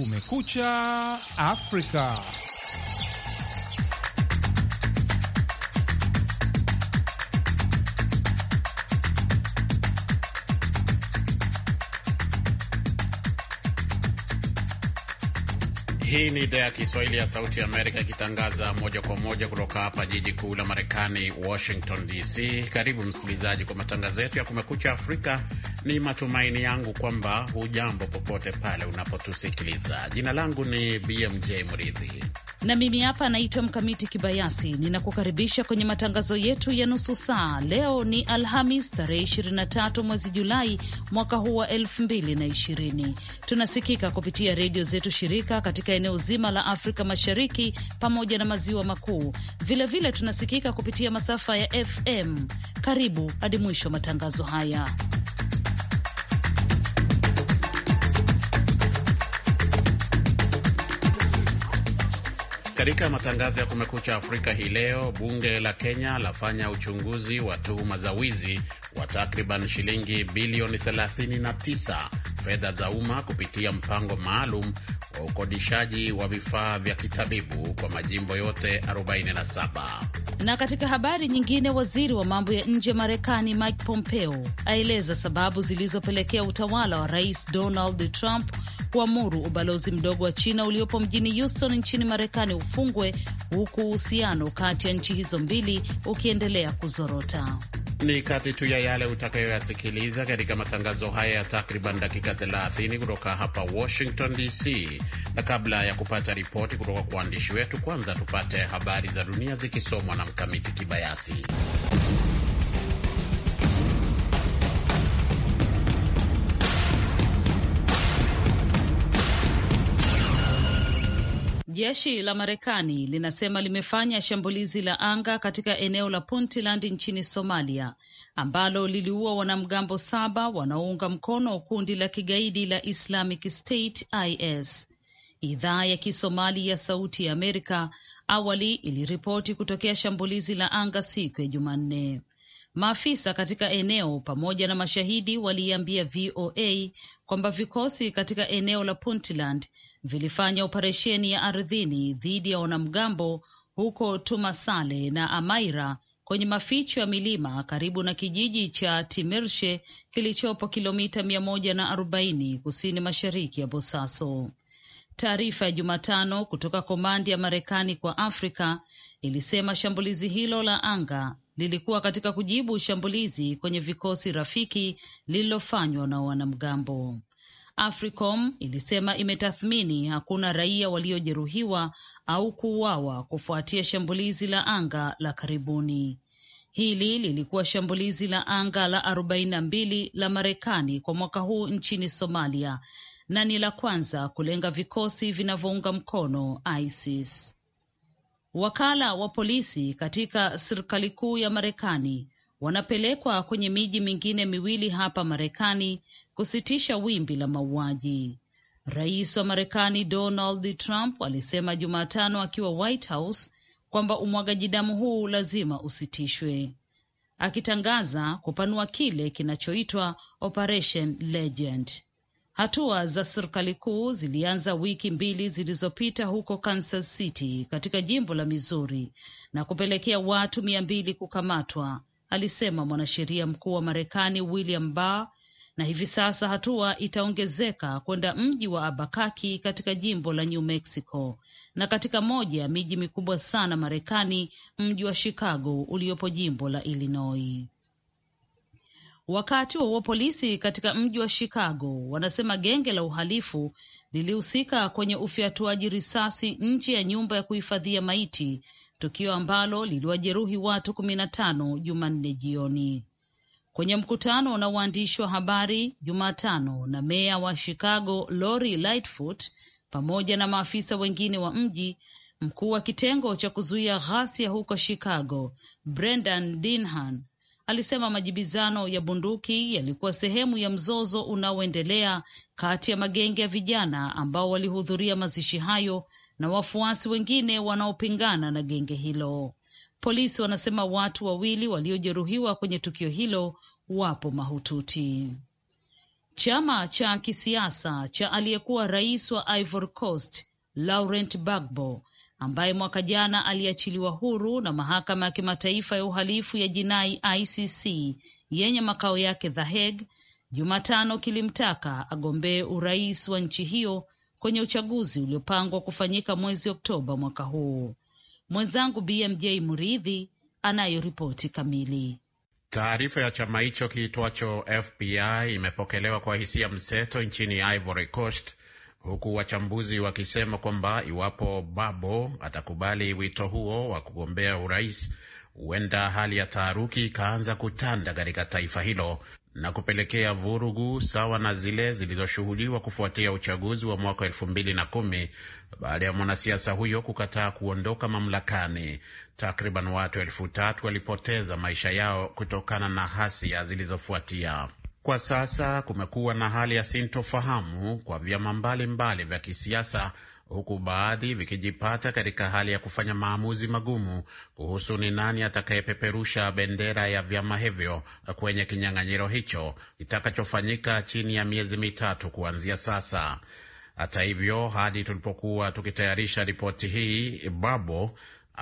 Kumekucha Afrika. Hii ni idhaa ya Kiswahili ya Sauti ya Amerika ikitangaza moja kwa moja kutoka hapa jiji kuu la Marekani, Washington DC. Karibu msikilizaji, kwa matangazo yetu ya Kumekucha Afrika ni matumaini yangu kwamba hujambo popote pale unapotusikiliza. Jina langu ni BMJ Mridhi na mimi hapa naitwa Mkamiti Kibayasi. Ninakukaribisha kwenye matangazo yetu ya nusu saa. Leo ni Alhamis tarehe 23 mwezi Julai mwaka huu wa 2020. Tunasikika kupitia redio zetu shirika katika eneo zima la Afrika Mashariki pamoja na maziwa makuu. Vilevile tunasikika kupitia masafa ya FM. Karibu hadi mwisho matangazo haya. Katika matangazo ya Kumekucha Afrika hii leo, bunge la Kenya lafanya uchunguzi wa tuhuma za wizi wa takriban shilingi bilioni 39 fedha za umma kupitia mpango maalum wa ukodishaji wa vifaa vya kitabibu kwa majimbo yote 47. Na katika habari nyingine, waziri wa mambo ya nje Marekani Mike Pompeo aeleza sababu zilizopelekea utawala wa Rais Donald Trump kuamuru ubalozi mdogo wa China uliopo mjini Houston nchini Marekani ufungwe huku uhusiano kati ya nchi hizo mbili ukiendelea kuzorota. Ni kati tu ya yale utakayoyasikiliza katika matangazo haya ya takriban dakika 30 kutoka hapa Washington DC, na kabla ya kupata ripoti kutoka kwa waandishi wetu, kwanza tupate habari za dunia zikisomwa na Mkamiti Kibayasi. Jeshi la Marekani linasema limefanya shambulizi la anga katika eneo la Puntland nchini Somalia ambalo liliua wanamgambo saba wanaounga mkono kundi la kigaidi la Islamic State IS. Idhaa ya Kisomali ya Sauti ya Amerika awali iliripoti kutokea shambulizi la anga siku ya Jumanne. Maafisa katika eneo pamoja na mashahidi waliiambia VOA kwamba vikosi katika eneo la Puntland vilifanya operesheni ya ardhini dhidi ya wanamgambo huko Tumasale na Amaira kwenye maficho ya milima karibu na kijiji cha Timirshe kilichopo kilomita 140 kusini mashariki ya Bosaso. Taarifa ya Jumatano kutoka komandi ya Marekani kwa Afrika ilisema shambulizi hilo la anga lilikuwa katika kujibu shambulizi kwenye vikosi rafiki lililofanywa na wanamgambo. AFRICOM ilisema imetathmini hakuna raia waliojeruhiwa au kuuawa kufuatia shambulizi la anga la karibuni. Hili lilikuwa shambulizi la anga la 42 na mbili la Marekani kwa mwaka huu nchini Somalia na ni la kwanza kulenga vikosi vinavyounga mkono ISIS. Wakala wa polisi katika serikali kuu ya Marekani wanapelekwa kwenye miji mingine miwili hapa Marekani kusitisha wimbi la mauaji. Rais wa Marekani Donald Trump alisema Jumatano akiwa White House kwamba umwagaji damu huu lazima usitishwe, akitangaza kupanua kile kinachoitwa Operation Legend. Hatua za serikali kuu zilianza wiki mbili zilizopita huko Kansas City katika jimbo la Missouri na kupelekea watu mia mbili kukamatwa, alisema mwanasheria mkuu wa Marekani William Barr na hivi sasa hatua itaongezeka kwenda mji wa Abakaki katika jimbo la New Mexico na katika moja ya miji mikubwa sana Marekani, mji wa Chicago uliopo jimbo la Illinois. Wakati wa polisi katika mji wa Chicago wanasema genge la uhalifu lilihusika kwenye ufyatuaji risasi nje ya nyumba ya kuhifadhia maiti, tukio ambalo liliwajeruhi watu kumi na tano Jumanne jioni kwenye mkutano na waandishi wa habari Jumatano na meya wa Chicago Lori Lightfoot pamoja na maafisa wengine wa mji. Mkuu wa kitengo cha kuzuia ghasia huko Chicago Brendan Dinhan alisema majibizano ya bunduki yalikuwa sehemu ya mzozo unaoendelea kati ya magenge ya vijana ambao walihudhuria mazishi hayo na wafuasi wengine wanaopingana na genge hilo. Polisi wanasema watu wawili waliojeruhiwa kwenye tukio hilo wapo mahututi. Chama cha kisiasa cha aliyekuwa rais wa Ivory Coast Laurent Gbagbo ambaye mwaka jana aliachiliwa huru na mahakama ya kimataifa ya uhalifu ya jinai ICC yenye makao yake The Hague, Jumatano kilimtaka agombee urais wa nchi hiyo kwenye uchaguzi uliopangwa kufanyika mwezi Oktoba mwaka huu. Mwenzangu BMJ Muridhi anayo ripoti kamili. Taarifa ya chama hicho kiitwacho fbi imepokelewa kwa hisia mseto nchini Ivory Coast, huku wachambuzi wakisema kwamba iwapo Babo atakubali wito huo wa kugombea urais, huenda hali ya taharuki ikaanza kutanda katika taifa hilo na kupelekea vurugu sawa na zile zilizoshuhudiwa kufuatia uchaguzi wa mwaka elfu mbili na kumi baada ya mwanasiasa huyo kukataa kuondoka mamlakani. Takriban watu elfu tatu walipoteza maisha yao kutokana na hasia zilizofuatia. Kwa sasa kumekuwa na hali ya sintofahamu kwa vyama mbalimbali vya kisiasa huku baadhi vikijipata katika hali ya kufanya maamuzi magumu kuhusu ni nani atakayepeperusha bendera ya vyama hivyo kwenye kinyang'anyiro hicho kitakachofanyika chini ya miezi mitatu kuanzia sasa. Hata hivyo, hadi tulipokuwa tukitayarisha ripoti hii, Babo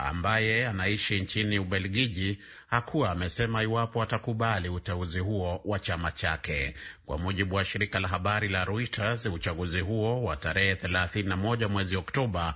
ambaye anaishi nchini Ubelgiji hakuwa amesema iwapo atakubali uteuzi huo wa chama chake. Kwa mujibu wa shirika la habari la Reuters, uchaguzi huo wa tarehe 31 mwezi Oktoba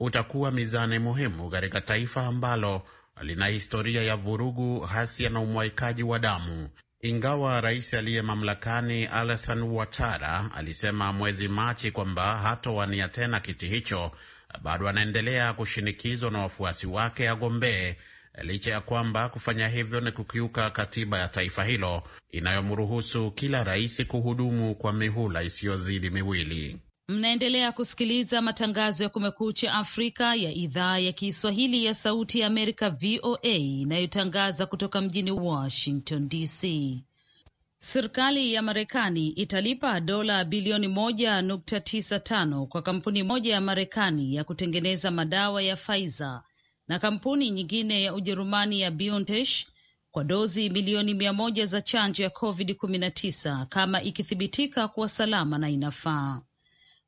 utakuwa mizani muhimu katika taifa ambalo lina historia ya vurugu, hasia na umwaikaji wa damu. Ingawa rais aliye mamlakani Alassane Ouattara alisema mwezi Machi kwamba hatowania tena kiti hicho bado anaendelea kushinikizwa na wafuasi wake agombee licha ya kwamba kufanya hivyo ni kukiuka katiba ya taifa hilo inayomruhusu kila rais kuhudumu kwa mihula isiyozidi miwili. Mnaendelea kusikiliza matangazo ya Kumekucha Afrika ya idhaa ya Kiswahili ya Sauti ya Amerika, VOA, inayotangaza kutoka mjini Washington DC. Serikali ya Marekani italipa dola bilioni moja nukta tisa tano kwa kampuni moja ya Marekani ya kutengeneza madawa ya Pfizer na kampuni nyingine ya Ujerumani ya BioNTech kwa dozi milioni mia moja za chanjo ya COVID-19 kama ikithibitika kuwa salama na inafaa.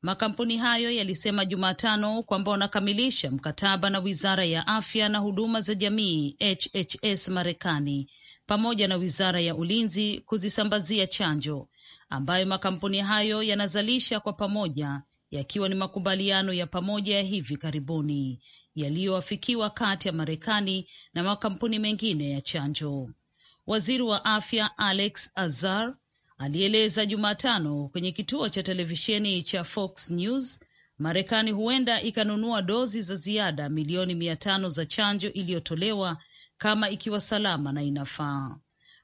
Makampuni hayo yalisema Jumatano kwamba wanakamilisha mkataba na Wizara ya Afya na Huduma za Jamii HHS Marekani pamoja na wizara ya ulinzi kuzisambazia chanjo ambayo makampuni hayo yanazalisha kwa pamoja, yakiwa ni makubaliano ya pamoja ya hivi karibuni yaliyoafikiwa kati ya Marekani na makampuni mengine ya chanjo. Waziri wa afya Alex Azar alieleza Jumatano kwenye kituo cha televisheni cha Fox News Marekani huenda ikanunua dozi za ziada milioni mia tano za chanjo iliyotolewa kama ikiwa salama na inafaa.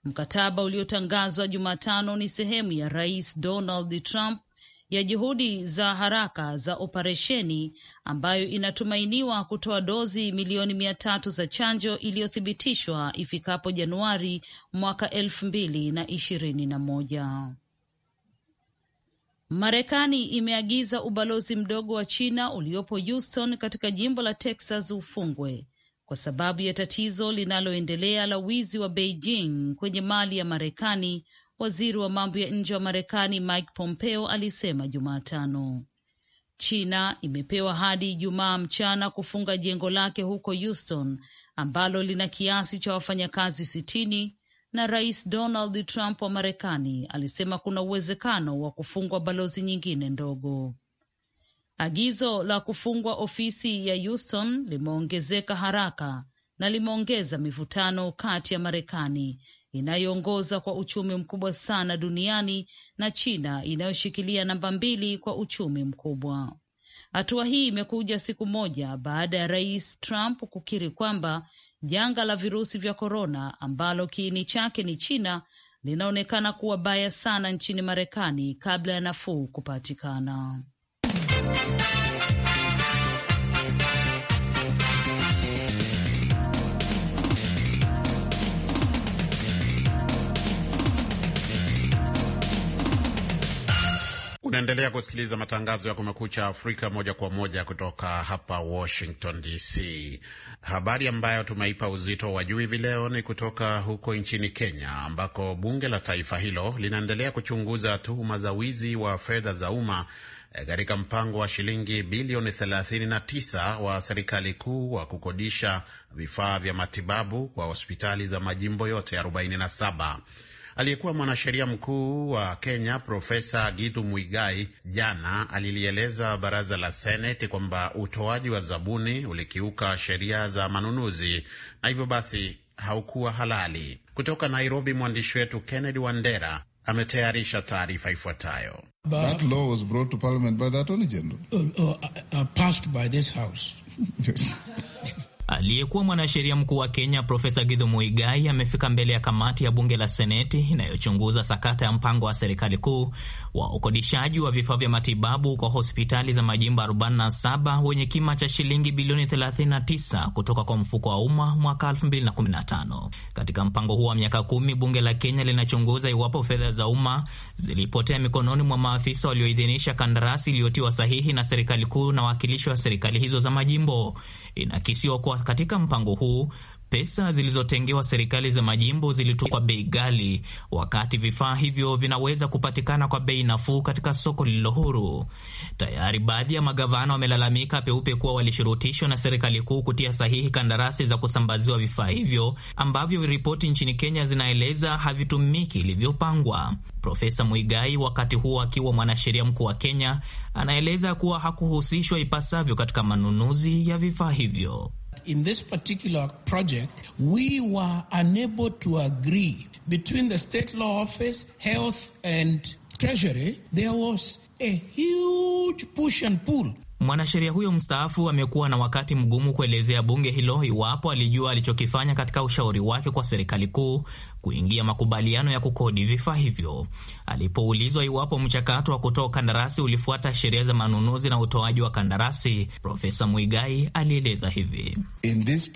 Mkataba uliotangazwa Jumatano ni sehemu ya Rais Donald Trump ya juhudi za haraka za operesheni ambayo inatumainiwa kutoa dozi milioni mia tatu za chanjo iliyothibitishwa ifikapo Januari mwaka elfu mbili na ishirini na moja. Marekani imeagiza ubalozi mdogo wa China uliopo Houston katika jimbo la Texas ufungwe kwa sababu ya tatizo linaloendelea la wizi wa Beijing kwenye mali ya Marekani. Waziri wa mambo ya nje wa Marekani Mike Pompeo alisema Jumatano. China imepewa hadi Ijumaa mchana kufunga jengo lake huko Houston ambalo lina kiasi cha wafanyakazi sitini na Rais Donald Trump wa Marekani alisema kuna uwezekano wa kufungwa balozi nyingine ndogo. Agizo la kufungwa ofisi ya Houston limeongezeka haraka na limeongeza mivutano kati ya Marekani inayoongoza kwa uchumi mkubwa sana duniani na China inayoshikilia namba mbili kwa uchumi mkubwa. Hatua hii imekuja siku moja baada ya Rais Trump kukiri kwamba janga la virusi vya korona ambalo kiini chake ni China linaonekana kuwa baya sana nchini Marekani kabla ya nafuu kupatikana. Unaendelea kusikiliza matangazo ya Kumekucha Afrika moja kwa moja kutoka hapa Washington DC. Habari ambayo tumeipa uzito wa juu hivi leo ni kutoka huko nchini Kenya, ambako bunge la taifa hilo linaendelea kuchunguza tuhuma za wizi wa fedha za umma Eh, katika mpango wa shilingi bilioni 39 wa serikali kuu wa kukodisha vifaa vya matibabu kwa hospitali za majimbo yote 47. Aliyekuwa mwanasheria mkuu wa Kenya Profesa gidu mwigai jana alilieleza baraza la Seneti kwamba utoaji wa zabuni ulikiuka sheria za manunuzi na hivyo basi haukuwa halali. Kutoka Nairobi, mwandishi wetu Kennedy Wandera ametayarisha taarifa ifuatayo. That law was brought to parliament by the attorney general. Uh, uh, uh, passed by this house. yes. Aliyekuwa mwanasheria mkuu wa Kenya Profesa Githu Muigai amefika mbele ya kamati ya bunge la Seneti inayochunguza sakata ya mpango wa serikali kuu wa ukodishaji wa vifaa vya matibabu kwa hospitali za majimbo 47 wenye kima cha shilingi bilioni 39 kutoka kwa mfuko wa umma mwaka 2015. Katika mpango huo wa miaka kumi, bunge la Kenya linachunguza iwapo fedha za umma zilipotea mikononi mwa maafisa walioidhinisha kandarasi iliyotiwa sahihi na serikali kuu na wawakilishi wa serikali hizo za majimbo. Inakisiwa kuwa katika mpango huu pesa zilizotengewa serikali za majimbo zilitumwa kwa bei ghali, wakati vifaa hivyo vinaweza kupatikana kwa bei nafuu katika soko lililo huru. Tayari baadhi ya magavana wamelalamika peupe kuwa walishurutishwa na serikali kuu kutia sahihi kandarasi za kusambaziwa vifaa hivyo ambavyo ripoti nchini Kenya zinaeleza havitumiki ilivyopangwa. Profesa Muigai, wakati huo akiwa mwanasheria mkuu wa Kenya, anaeleza kuwa hakuhusishwa ipasavyo katika manunuzi ya vifaa hivyo. In this particular project, we were unable to agree between the state law office, health, and treasury. There was a huge push and pull Mwanasheria huyo mstaafu amekuwa na wakati mgumu kuelezea bunge hilo iwapo alijua alichokifanya katika ushauri wake kwa serikali kuu kuingia makubaliano ya kukodi vifaa hivyo. Alipoulizwa iwapo mchakato wa kutoa kandarasi ulifuata sheria za manunuzi na utoaji wa kandarasi, Profesa Mwigai alieleza hivi: In this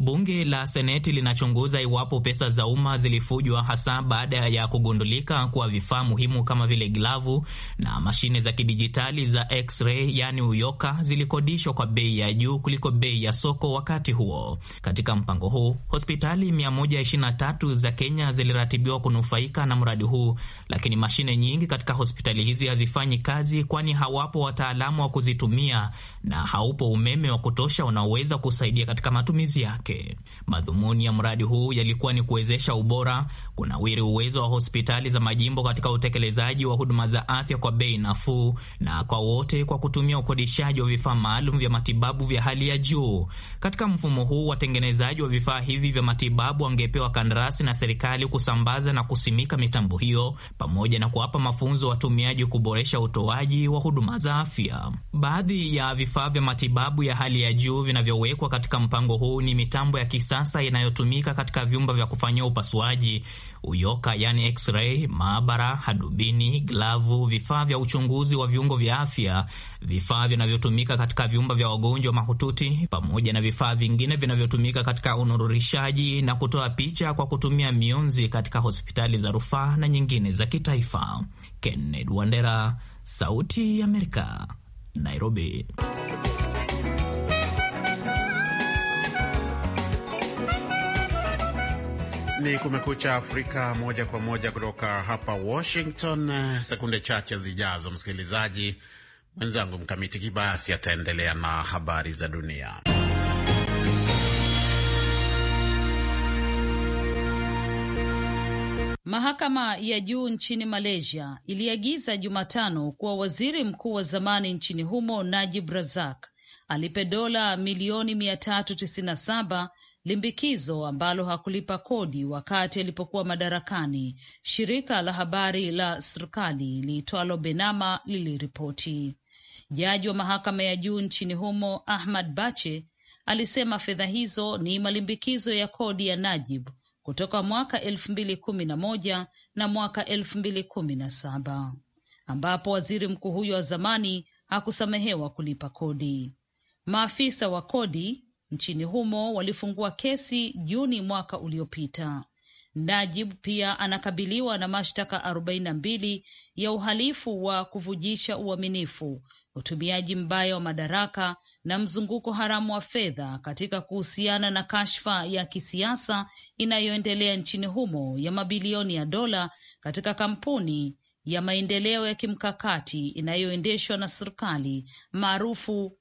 Bunge la Seneti linachunguza iwapo pesa za umma zilifujwa hasa baada ya kugundulika kwa vifaa muhimu kama vile glavu na mashine za kidijitali za x-ray yani uyoka zilikodishwa kwa bei ya juu kuliko bei ya soko wakati huo. Katika mpango huu, hospitali 123 za Kenya ziliratibiwa kunufaika na mradi huu, lakini mashine nyingi katika hospitali hizi hazifanyi kazi, kwani hawapo wataalamu wa kuzitumia na haupo umeme wa kutosha unaoweza kusaidia katika matumizi yake wake. Madhumuni ya mradi huu yalikuwa ni kuwezesha ubora, kunawiri uwezo wa hospitali za majimbo katika utekelezaji wa huduma za afya kwa bei nafuu na kwa wote, kwa kutumia ukodishaji wa vifaa maalum vya matibabu vya hali ya juu. Katika mfumo huu, watengenezaji wa vifaa hivi vya matibabu wangepewa kandarasi na serikali kusambaza na kusimika mitambo hiyo pamoja na kuwapa mafunzo watumiaji kuboresha utoaji wa huduma za afya. Baadhi ya vifaa vya matibabu ya hali ya juu vinavyowekwa katika mpango huu ni mitambo ya kisasa inayotumika katika vyumba vya kufanyia upasuaji, uyoka yani x-ray, maabara, hadubini, glavu, vifaa vya uchunguzi wa viungo vya afya, vifaa vinavyotumika katika vyumba vya wagonjwa mahututi, pamoja na vifaa vingine vinavyotumika katika unururishaji na kutoa picha kwa kutumia mionzi katika hospitali za rufaa na nyingine za kitaifa. Kenneth Wandera, Sauti ya Amerika, Nairobi. Ni Kumekucha Afrika moja kwa moja kutoka hapa Washington. Sekunde chache zijazo, msikilizaji mwenzangu Mkamiti Kibayasi ataendelea na habari za dunia. Mahakama ya juu nchini Malaysia iliagiza Jumatano kuwa waziri mkuu wa zamani nchini humo Najib Razak alipe dola milioni 397 limbikizo ambalo hakulipa kodi wakati alipokuwa madarakani, shirika la habari la serikali liitwalo Benama liliripoti. Jaji wa mahakama ya juu nchini humo Ahmad Bache alisema fedha hizo ni malimbikizo ya kodi ya Najib kutoka mwaka elfu mbili kumi na moja na mwaka elfu mbili kumi na saba ambapo waziri mkuu huyo wa zamani hakusamehewa kulipa kodi. Maafisa wa kodi nchini humo walifungua kesi Juni mwaka uliopita. Najib pia anakabiliwa na mashtaka arobaini na mbili ya uhalifu wa kuvujisha uaminifu, utumiaji mbaya wa madaraka na mzunguko haramu wa fedha katika kuhusiana na kashfa ya kisiasa inayoendelea nchini humo ya mabilioni ya dola katika kampuni ya maendeleo ya kimkakati inayoendeshwa na serikali maarufu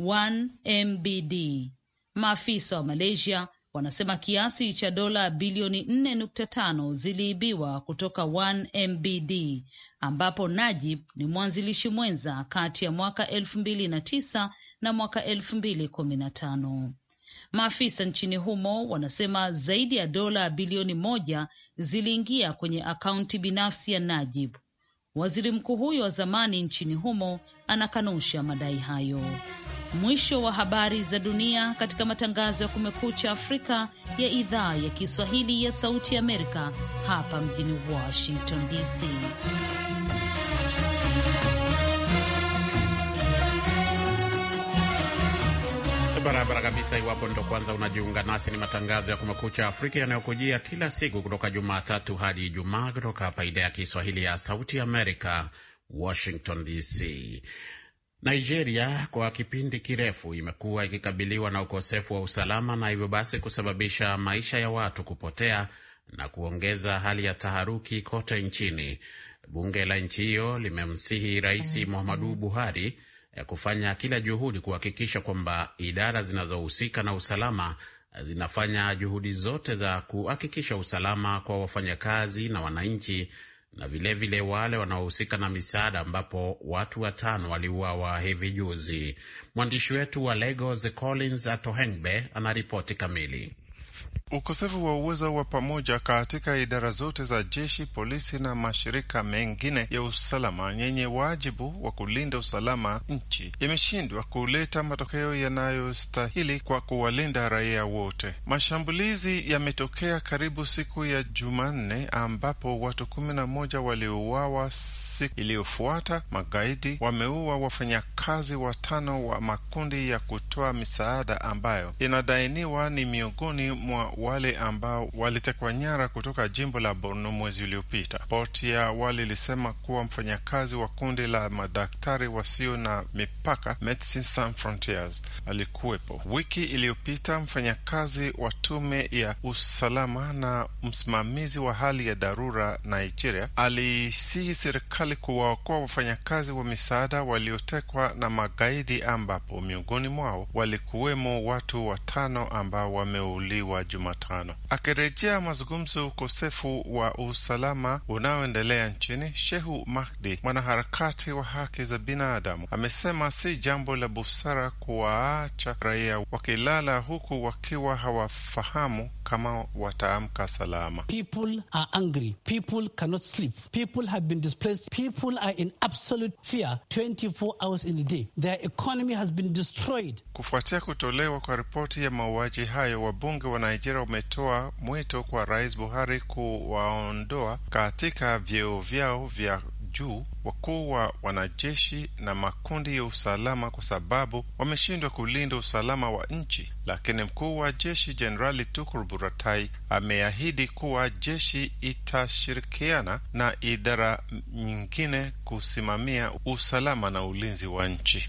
1MBD. Maafisa wa Malaysia wanasema kiasi cha dola bilioni 4.5 ziliibiwa kutoka 1MBD, ambapo Najib ni mwanzilishi mwenza kati ya mwaka 2009 na mwaka 2015. Maafisa nchini humo wanasema zaidi ya dola bilioni moja ziliingia kwenye akaunti binafsi ya Najib. Waziri mkuu huyo wa zamani nchini humo anakanusha madai hayo. Mwisho wa habari za dunia katika matangazo ya Kumekucha Afrika ya idhaa ya Kiswahili ya Sauti ya Amerika, hapa mjini Washington DC. Barabara kabisa. Iwapo ndo kwanza unajiunga nasi, ni matangazo ya Kumekucha Afrika yanayokujia kila siku kutoka Jumatatu hadi Ijumaa kutoka hapa idhaa ya Kiswahili ya Sauti Amerika, Washington DC. Nigeria kwa kipindi kirefu imekuwa ikikabiliwa na ukosefu wa usalama na hivyo basi kusababisha maisha ya watu kupotea na kuongeza hali ya taharuki kote nchini. Bunge la nchi hiyo limemsihi Rais mm-hmm. Muhammadu Buhari eh, kufanya kila juhudi kuhakikisha kwamba idara zinazohusika na usalama eh, zinafanya juhudi zote za kuhakikisha usalama kwa wafanyakazi na wananchi na vilevile vile wale wanaohusika na misaada, ambapo watu watano waliuawa hivi juzi. Mwandishi wetu wa Lagos Collins Atohengbe anaripoti kamili. Ukosefu wa uwezo wa pamoja katika idara zote za jeshi, polisi na mashirika mengine ya usalama yenye wajibu wa kulinda usalama nchi imeshindwa kuleta matokeo yanayostahili kwa kuwalinda raia wote. Mashambulizi yametokea karibu siku ya Jumanne ambapo watu kumi na moja waliuawa. Siku iliyofuata magaidi wameua wafanyakazi watano wa makundi ya kutoa misaada ambayo inadainiwa ni miongoni mwa wale ambao walitekwa nyara kutoka jimbo la Borno mwezi uliopita. Ripoti ya awali ilisema kuwa mfanyakazi wa kundi la madaktari wasio na mipaka Medecins Sans Frontieres alikuwepo. Wiki iliyopita mfanyakazi wa tume ya usalama na msimamizi wa hali ya dharura Nigeria aliisihi serikali kuwaokoa wafanyakazi wa misaada waliotekwa na magaidi, ambapo miongoni mwao walikuwemo watu watano ambao wameuliwa wa Jumatano. Akirejea mazungumzo ukosefu wa usalama unaoendelea nchini, Shehu Mahdi, mwanaharakati wa haki za binadamu, amesema si jambo la busara kuwaacha raia wakilala huku wakiwa hawafahamu kama wataamka salama. People are angry. People cannot sleep. People have been displaced. People are in absolute fear 24 hours in a day. Their economy has been destroyed. Kufuatia kutolewa kwa ripoti ya mauaji hayo, wabunge wana Nigeria umetoa mwito kwa Rais Buhari kuwaondoa katika vyeo vyao vya juu wakuu wa wanajeshi na makundi ya usalama kwa sababu wameshindwa kulinda usalama wa nchi. Lakini mkuu wa jeshi Jenerali Tukur Buratai ameahidi kuwa jeshi itashirikiana na idara nyingine kusimamia usalama na ulinzi wa nchi.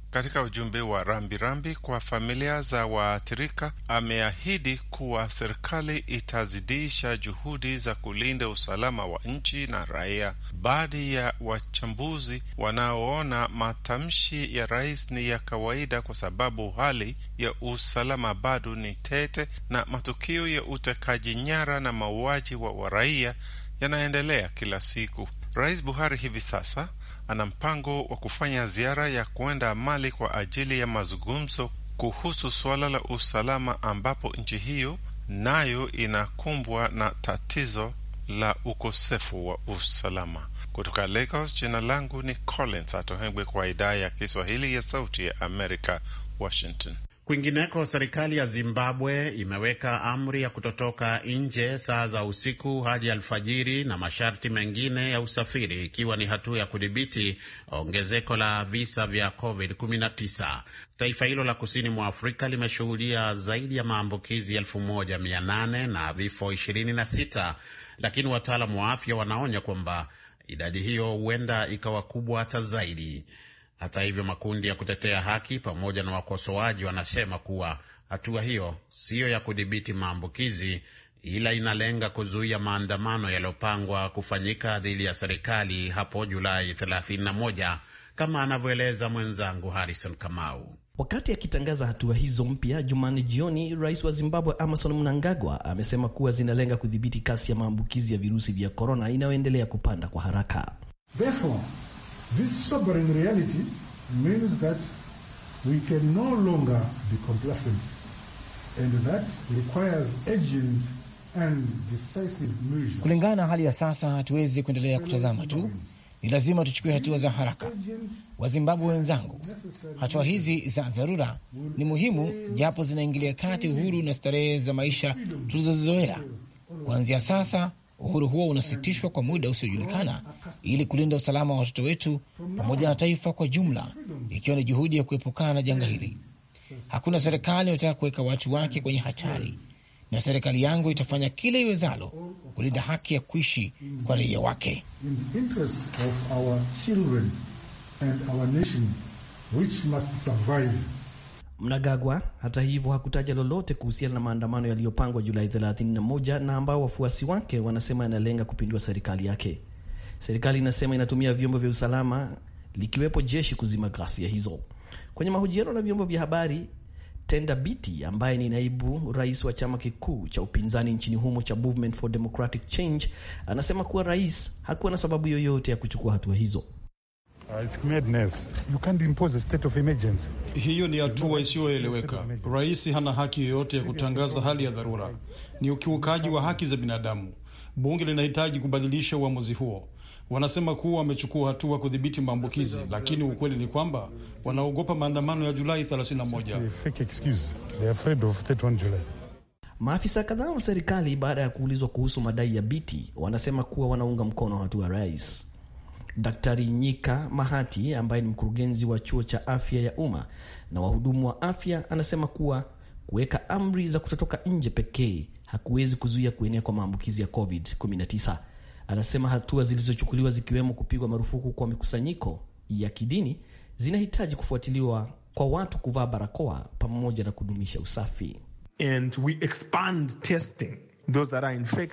Katika ujumbe wa rambirambi rambi kwa familia za waathirika, ameahidi kuwa serikali itazidisha juhudi za kulinda usalama wa nchi na raia. Baadhi ya wachambuzi wanaoona matamshi ya rais ni ya kawaida, kwa sababu hali ya usalama bado ni tete na matukio ya utekaji nyara na mauaji wa waraia yanaendelea kila siku. Rais Buhari hivi sasa ana mpango wa kufanya ziara ya kuenda Mali kwa ajili ya mazungumzo kuhusu suala la usalama, ambapo nchi hiyo nayo inakumbwa na tatizo la ukosefu wa usalama. Kutoka Lagos, jina langu ni Collins Atohengwe, kwa idhaa ya Kiswahili ya Sauti ya Amerika, Washington. Kwingineko, serikali ya Zimbabwe imeweka amri ya kutotoka nje saa za usiku hadi alfajiri na masharti mengine ya usafiri, ikiwa ni hatua ya kudhibiti ongezeko la visa vya COVID-19. Taifa hilo la kusini mwa Afrika limeshuhudia zaidi ya maambukizi 1800 na vifo 26, lakini wataalamu wa afya wanaonya kwamba idadi hiyo huenda ikawa kubwa hata zaidi. Hata hivyo, makundi ya kutetea haki pamoja na wakosoaji wanasema kuwa hatua hiyo siyo ya kudhibiti maambukizi, ila inalenga kuzuia maandamano yaliyopangwa kufanyika dhidi ya serikali hapo Julai 31 kama anavyoeleza mwenzangu Harrison Kamau. Wakati akitangaza hatua hizo mpya Jumanne jioni, rais wa Zimbabwe Emmerson Mnangagwa amesema kuwa zinalenga kudhibiti kasi ya maambukizi ya virusi vya korona inayoendelea kupanda kwa haraka. Therefore, This sobering reality means that we can no longer be complacent, and that requires urgent and decisive measures. Kulingana na hali ya sasa, hatuwezi kuendelea kutazama tu, ni lazima tuchukue hatua za haraka. Wazimbabwe wenzangu, hatua hizi za dharura ni muhimu, japo zinaingilia kati uhuru na starehe za maisha tulizozoea Kuanzia sasa uhuru huo unasitishwa kwa muda usiojulikana ili kulinda usalama wa watoto wetu pamoja na taifa kwa jumla, ikiwa ni juhudi ya kuepukana na janga hili. Hakuna serikali inayotaka kuweka watu wake kwenye hatari, na serikali yangu itafanya kile iwezalo kulinda haki ya kuishi kwa raia wake. Mnagagwa hata hivyo hakutaja lolote kuhusiana na maandamano yaliyopangwa Julai 31 na ambao wafuasi wake wanasema yanalenga kupindua serikali yake. Serikali inasema inatumia vyombo vya usalama likiwepo jeshi kuzima ghasia hizo. Kwenye mahojiano na vyombo vya habari, Tenda Biti ambaye ni naibu rais wa chama kikuu cha upinzani nchini humo cha Movement for Democratic Change anasema kuwa rais hakuwa na sababu yoyote ya kuchukua hatua hizo. Ah, Hiyo ni hatua isiyoeleweka. Rais hana haki yoyote ya kutangaza hali ya dharura, ni ukiukaji wa haki za binadamu. Bunge linahitaji kubadilisha uamuzi huo. Wanasema kuwa wamechukua hatua kudhibiti maambukizi, lakini ukweli ni kwamba wanaogopa maandamano ya Julai 31. Maafisa kadhaa wa serikali baada ya kuulizwa kuhusu madai ya Biti wanasema kuwa wanaunga mkono hatua rais. Daktari Nyika Mahati ambaye ni mkurugenzi wa chuo cha afya ya umma na wahudumu wa afya anasema kuwa kuweka amri za kutotoka nje pekee hakuwezi kuzuia kuenea kwa maambukizi ya COVID-19. Anasema hatua zilizochukuliwa zikiwemo kupigwa marufuku kwa mikusanyiko ya kidini zinahitaji kufuatiliwa kwa watu kuvaa barakoa pamoja na kudumisha usafi. And we expand testing.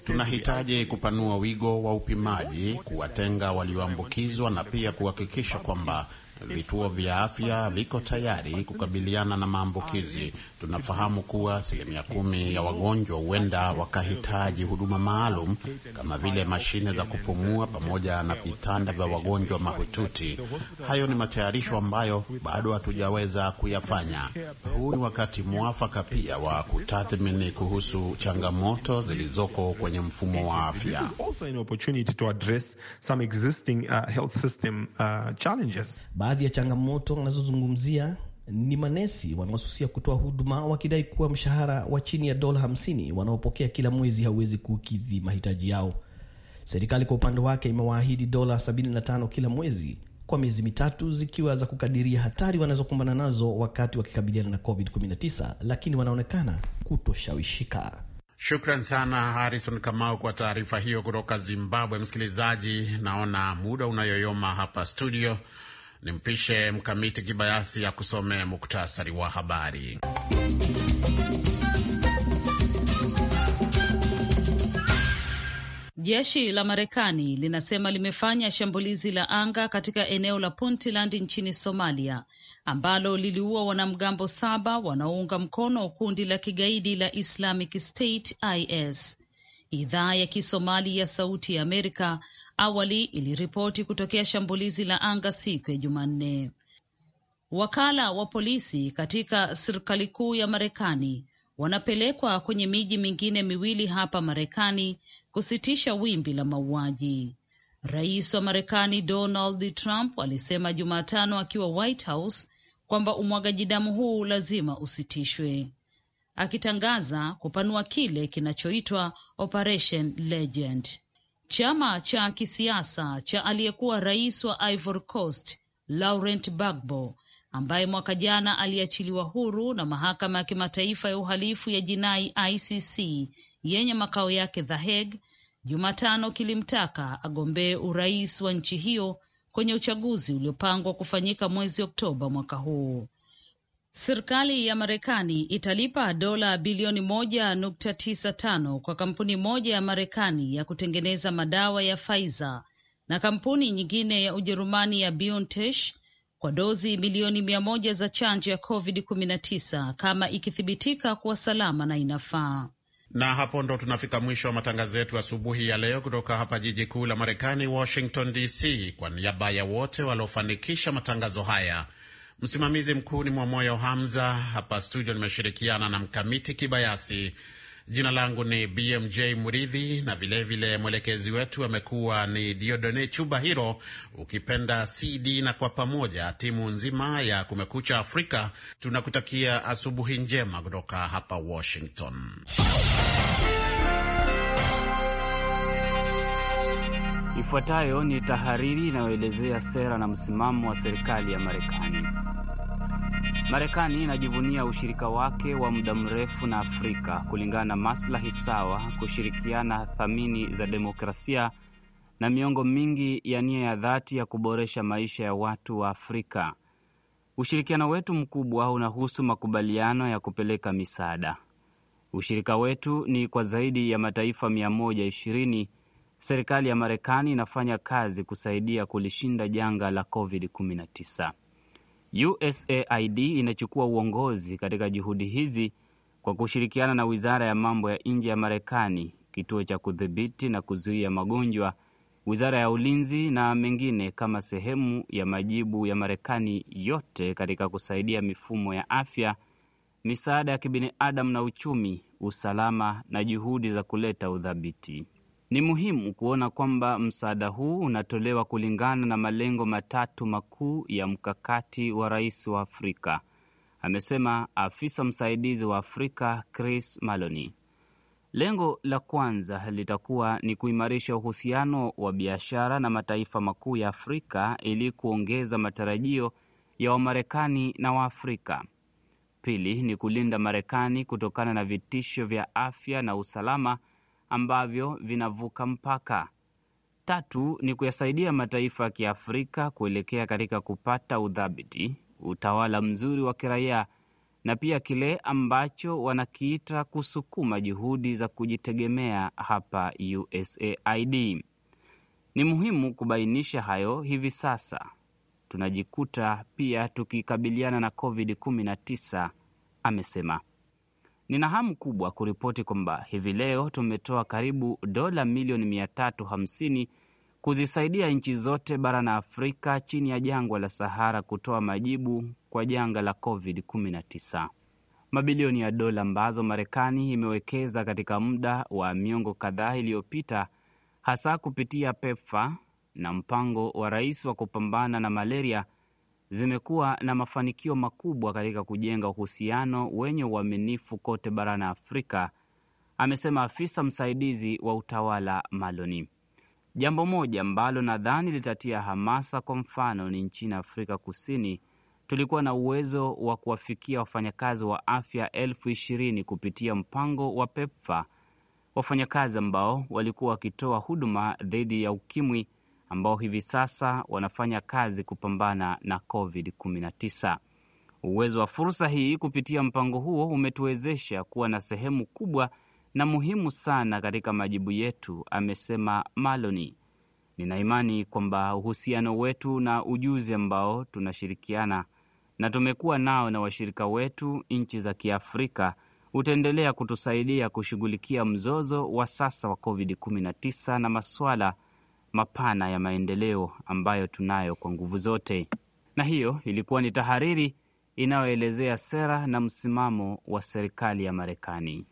Tunahitaji kupanua wigo wa upimaji, kuwatenga walioambukizwa na pia kuhakikisha kwamba vituo vya afya viko tayari kukabiliana na maambukizi. Tunafahamu kuwa asilimia kumi ya wagonjwa huenda wakahitaji huduma maalum kama vile mashine za kupumua pamoja na vitanda vya wagonjwa mahututi. Hayo ni matayarisho ambayo bado hatujaweza kuyafanya. Huu ni wakati mwafaka pia wa kutathmini kuhusu changamoto zilizoko kwenye mfumo wa afya. Baadhi ya changamoto wanazozungumzia ni manesi wanaosusia kutoa huduma wakidai kuwa mshahara wa chini ya dola 50 wanaopokea kila mwezi hauwezi kukidhi mahitaji yao. Serikali kwa upande wake imewaahidi dola 75 kila mwezi kwa miezi mitatu, zikiwa za kukadiria hatari wanazokumbana nazo wakati wakikabiliana na COVID-19, lakini wanaonekana kutoshawishika. Shukran sana Harrison Kamau kwa taarifa hiyo kutoka Zimbabwe. Msikilizaji, naona muda unayoyoma hapa studio nimpishe Mkamiti Kibayasi ya muktasari wa habari. Jeshi la Marekani linasema limefanya shambulizi la anga katika eneo la Puntland nchini Somalia ambalo liliua wanamgambo saba wanaounga mkono kundi la kigaidi la Islamic State IS. Idhaa ya Kisomali ya Sauti ya Amerika awali iliripoti kutokea shambulizi la anga siku ya Jumanne. Wakala wa polisi katika serikali kuu ya Marekani wanapelekwa kwenye miji mingine miwili hapa Marekani kusitisha wimbi la mauaji. Rais wa Marekani Donald Trump alisema Jumatano akiwa White House kwamba umwagaji damu huu lazima usitishwe, akitangaza kupanua kile kinachoitwa Operation Legend. Chama cha kisiasa cha aliyekuwa rais wa Ivory Coast Laurent Gbagbo ambaye mwaka jana aliachiliwa huru na mahakama ya kimataifa ya uhalifu ya jinai ICC yenye makao yake The Hague, Jumatano kilimtaka agombee urais wa nchi hiyo kwenye uchaguzi uliopangwa kufanyika mwezi Oktoba mwaka huu serikali ya Marekani italipa dola bilioni moja nukta tisa tano kwa kampuni moja ya Marekani ya kutengeneza madawa ya Pfizer na kampuni nyingine ya Ujerumani ya BioNTech kwa dozi milioni mia moja za chanjo ya COVID-19 kama ikithibitika kuwa salama na inafaa. Na hapo ndo tunafika mwisho wa matangazo yetu asubuhi ya leo kutoka hapa jiji kuu la Marekani, Washington DC. Kwa niaba ya wote waliofanikisha matangazo haya Msimamizi mkuu ni Mwamoyo Hamza. Hapa studio nimeshirikiana na Mkamiti Kibayasi. Jina langu ni BMJ Muridhi, na vilevile vile mwelekezi wetu amekuwa ni Diodone Chuba Hiro, ukipenda CD. Na kwa pamoja timu nzima ya Kumekucha Afrika tunakutakia asubuhi njema kutoka hapa Washington. Ifuatayo ni tahariri inayoelezea sera na msimamo wa serikali ya Marekani. Marekani inajivunia ushirika wake wa muda mrefu na Afrika kulingana na maslahi sawa, kushirikiana thamini za demokrasia na miongo mingi ya nia ya dhati ya kuboresha maisha ya watu wa Afrika. Ushirikiano wetu mkubwa unahusu makubaliano ya kupeleka misaada. Ushirika wetu ni kwa zaidi ya mataifa 120. Serikali ya Marekani inafanya kazi kusaidia kulishinda janga la COVID-19. USAID inachukua uongozi katika juhudi hizi kwa kushirikiana na Wizara ya Mambo ya Nje ya Marekani, Kituo cha Kudhibiti na Kuzuia Magonjwa, Wizara ya Ulinzi na mengine kama sehemu ya majibu ya Marekani yote katika kusaidia mifumo ya afya, misaada ya kibinadamu na uchumi, usalama na juhudi za kuleta udhabiti. Ni muhimu kuona kwamba msaada huu unatolewa kulingana na malengo matatu makuu ya mkakati wa rais wa Afrika, amesema afisa msaidizi wa Afrika Chris Maloney. Lengo la kwanza litakuwa ni kuimarisha uhusiano wa biashara na mataifa makuu ya Afrika ili kuongeza matarajio ya Wamarekani na Waafrika. Pili ni kulinda Marekani kutokana na vitisho vya afya na usalama ambavyo vinavuka mpaka. Tatu ni kuyasaidia mataifa ya Kiafrika kuelekea katika kupata udhabiti, utawala mzuri wa kiraia na pia kile ambacho wanakiita kusukuma juhudi za kujitegemea hapa USAID. Ni muhimu kubainisha hayo hivi sasa. Tunajikuta pia tukikabiliana na COVID-19, amesema. Nina hamu kubwa kuripoti kwamba hivi leo tumetoa karibu dola milioni 350 kuzisaidia nchi zote barani Afrika chini ya jangwa la Sahara kutoa majibu kwa janga la COVID-19. Mabilioni ya dola ambazo Marekani imewekeza katika muda wa miongo kadhaa iliyopita, hasa kupitia PEPFAR na mpango wa rais wa kupambana na malaria zimekuwa na mafanikio makubwa katika kujenga uhusiano wenye uaminifu kote barani Afrika, amesema afisa msaidizi wa utawala Maloni. Jambo moja ambalo nadhani litatia hamasa, kwa mfano, ni nchini Afrika Kusini tulikuwa na uwezo wa kuwafikia wafanyakazi wa afya elfu ishirini kupitia mpango wa PEPFA, wafanyakazi ambao walikuwa wakitoa huduma dhidi ya ukimwi ambao hivi sasa wanafanya kazi kupambana na COVID-19. Uwezo wa fursa hii kupitia mpango huo umetuwezesha kuwa na sehemu kubwa na muhimu sana katika majibu yetu, amesema Maloni. Nina imani kwamba uhusiano wetu na ujuzi ambao tunashirikiana na tumekuwa nao na washirika wetu nchi za Kiafrika utaendelea kutusaidia kushughulikia mzozo wa sasa wa COVID-19 na masuala mapana ya maendeleo ambayo tunayo kwa nguvu zote. Na hiyo ilikuwa ni tahariri inayoelezea sera na msimamo wa serikali ya Marekani.